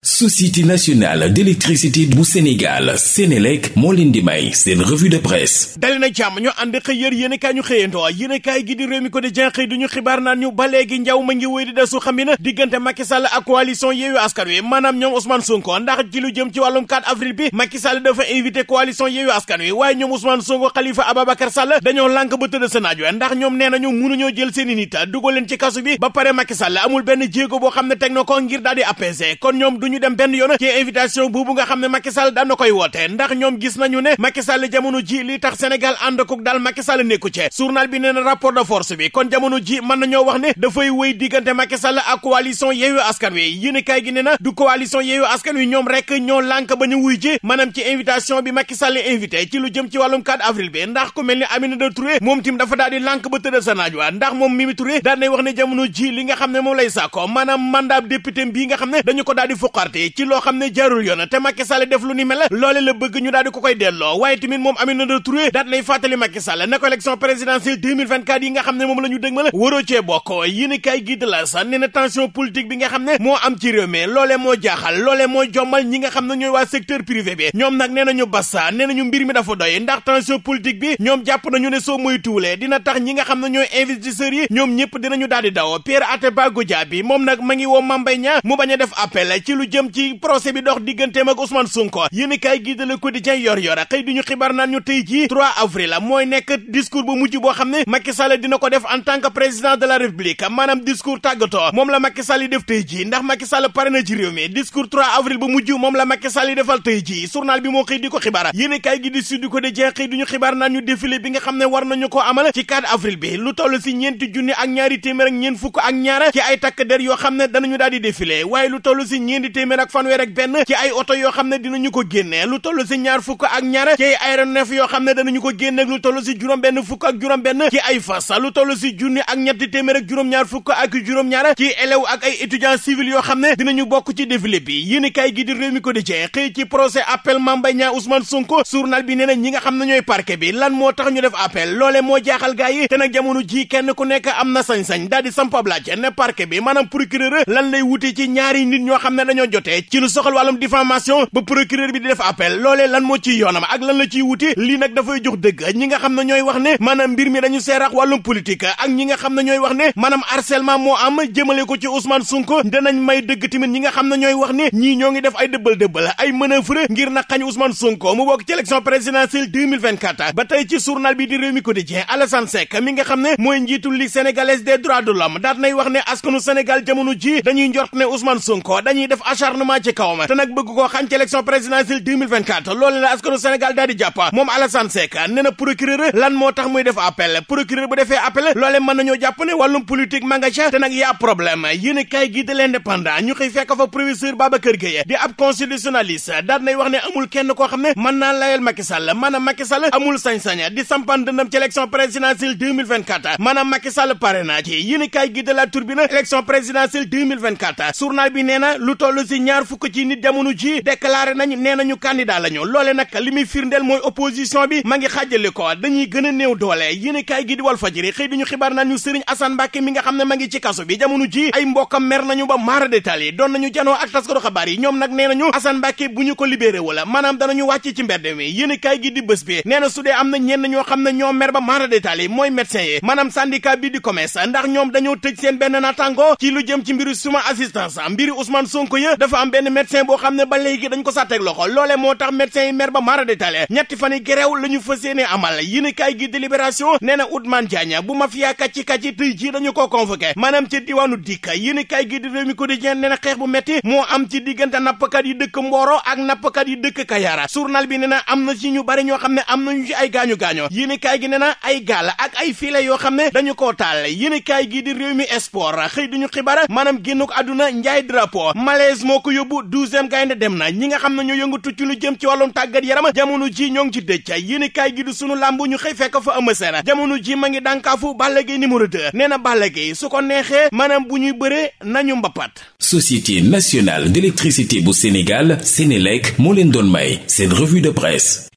société nationale d'électricité bu Sénégal Sénélec moo leen di may seen revue de presse dali na jàmm ñu ànd xëy yër yéenekaay ñu xëyandoo yéenekaay gi di Rewmi Quotidien xëy du ñu xibaar naan ñu ba léegi njaw ma ngi wéy di desu xam na diggante Macky Sall ak coalition Yewwi Askan Wi maanaam ñoom Ousmane Sonko ndax ci lu jëm ci wàllum 4 avril bi Macky Sall dafa invité coalition Yewwi Askan Wi waaye ñoom Ousmane Sonko Khalifa Ababacar Sall dañoo lànk ba tëdd sa naaj wa ndax ñoom nee nañu mënuñoo jël seeni nit dugal leen ci kasu bi ba pare Macky Sall amul benn jéego boo xam ne teg na ko ngir daal di apaiser ñu dem benn yoon ci invitation boobu nga xam ne Macky Sall daan na koy woote ndax ñoom gis nañu ne Macky Sall jamono jii li tax Sénégal ànd kook daal Macky Sall nekku ci journal bi nee na rapport de force bi kon jamono ji mën nañoo wax ne dafay wéy diggante Macky Sall ak coalition Yewwi Askan Wi yéenekaay gi ne na du coalition Yewwi Askan Wi ñoom rek ñoo lank ba ñu wuy ji maanaam ci invitation bi Macky Sall invité ci lu jëm ci wàllum 4 avril bi ndax ku mel ni Aminata Touré moom tim dafa daal di lànk ba tëddal sa naaj waa ndax moom Mimi Touré daan wax n jamono ji li nga xam ne moom lay sàkko maanaam mandat député bi nga xam ne dañu ko daal di parti ci loo xam ne jaarul yoon te Macky Sall def lu ni mel loole la bëgg ñu daal di ko koy delloo waaye tamit moom Aminata Touré daat nay fàttali Macky Sall na ko élection présidentielle 2024 yi nga xam ne moom la ñu dëgmal waroo cee bokk yéen kay gi de la sa ne na tension politique bi nga xam ne moo am ci réew mi moo jaaxal loolee moo jombal ñi nga xam ne ñooy waa secteur privé bi ñoom nag nee nañu bassa nee nañu mbir mi dafa doy ndax daal di daw Pierre Atépa Goudiaby jëm ci procès bi dox digganteem ak Ousmane Sonko yéenekaay gi de Le Quotidien yor yor xëy duñu xibaar naan ñu tey jii 3 avril mooy nekk discours ba mujj boo xam ne Macky Sall dina ko def en tant que président de la République maanaam discours tàggatoo moom la Macky Sall yi def tey jii ndax Macky Sall pare na ci réew mi discours 3 avril bu mujj moom la Macky Sall yi defal tey jii journal bi moo xëy di ko xibaar yéenekaay gi di Sud Quotidien xëy duñu xibaar naan ñu bi nga xam ne war nañu ko amal ci 4 avril bi lu toll si ñeenti junni ak ñaari téeméer ak ñeent ak ñaara ci ay takk der yoo xam ne danañu daal di défilé waaye lu toll si ñeenti téeméer ak fanweer ak benn ci ay oto yoo xam ne dinañu ko génne lu toll si ñaar fukk ak ñaar ci ay aéronef yoo xam ne danañu ko génne ak lu toll si juróom benn fukk ak juróom benn ci ay fas lu toll si junni ak ñetti téeméer ak ñaar fukk ak juróom-ñaar ci élève ak ay étudiants civils yoo xam ne dina ñu bokk ci défilé bi yéen kay gi di réew mi ko di jeex xëy ci procès appel Mame Mbaye Niang Ousmane Sonko journal bi nee na ñi nga xam ne ñooy par parquet bi lan moo tax ñu def appel loole moo jaaxal gaa yi te ku nekk am na sañ-sañ daal di sampablaaj ne parquet maanaam lan lay wuti ci ñaari nit ñoo xam ne dañoo jotee ci lu soxal wàllum diffamation ba procureur bi di def appel loolee lan moo ciy yoonam ak lan la ciy wuti lii nag dafay jox dëgg ñi nga xam ne ñooy wax ne maanaam mbir mi dañu seerax wàllum politique ak ñi nga xam ne ñooy wax ne maanaam harcèlement moo am jëmale ko ci Ousmane Sonko danañ may dëgg tamit ñi nga xam ne ñooy wax ne ñii ñoo ngi def ay dëbbal-dëbbal ay manœuvre ngir na xañ Ousmane Sonko mu bokk ci élection présidentielle 2024 ba tey ci di Rewmi Quotidien Alassane mi nga xam ne mooy njiitul Ligue sénégalaise des droits de l'homme daat nay wax ne askanu Sénégal jamono ji dañuy njort ne Ousmane Sonko dañuy def acharnement ci kawam te nag bëgg koo xañ ci élection présidentielle 2024 loolu la askanu Sénégal daal ma nga ca te naa ci élection présidentielle 2024 maanaam Macky Sall pare naa ci yéen a kaay bi nee lu toll si ñaar fukk ci nit jamono ji déclaré nañ nee nañu candidat la ñu loole nag li muy firndeel mooy opposition bi ma ngi xàjjali ko dañuy gën a néew doole yéen kaay gi di wal fajiri xëy diñu xibar na ñu Serigne Assane Mbacké mi nga xam ne ma ngi ci kaso bi jamono ji ay mbokkam mer ñu ba maara détail yi doon nañu janoo ak taskatu xabaar yi ñoom nag nee nañu Assane Mbacké bu ñu ko libéré wala maanaam danañu wàcc ci mbedd mi yéen kaay gi di bés bi nee na su dee am na ñenn ñoo xam ne ñoo mer ba maara détail yi mooy médecin yi maanaam syndicat bi di commerce ndax ñoom dañoo tëj seen benn natango ci lu jëm ci mbiru suma assistance mbiri Ousmane Sonko ya dafa am benn médecin boo xam ne ba léegi dañ ko sàtteeg loxo loole moo tax médecin yi mer ba mara détaillé ñetti fan yi gerew la ñu fas yéene amal yéen kaay gi délibération nee na Ousmane Diagne bu mafia kàcci kàcci tey jii dañu ko convoqué maanaam ci diwaanu dikk yéen kaay gi di Rewmi Quotidien nee na xeex bu metti moo am ci diggante nappkat yi dëkk Mboro ak nappkat yi dëkk Kayara journal bi nee na am na ci ñu bari ñoo xam ne am nañu ci ay gaañu gaañoo yéen kaay gi nee na ay gaal ak ay filet yoo xam ne dañu koo taal yéen kaay gi di Rewmi Sport xëy duñu xibaar maanaam génn ko àdduna njaay drapeau Diaz moo ko yóbbu douzième gaynde dem na ñi nga xam na ñoo yëngatu ci lu jëm ci wàllum tàggat yaram jamono ji ñoo ngi ci dëj yéenekaay gi du sunu làmb ñu xëy fekk fa Eumeu Sène jamono ji ma ngi dànkaafu Balla Gaye numéro 2 nee na Balla Gaye su ko neexee maanaam bu ñuy bëree nañu mbapat Société nationale d'électricité bu Sénégal Sénélec moo leen doon may seen revue de presse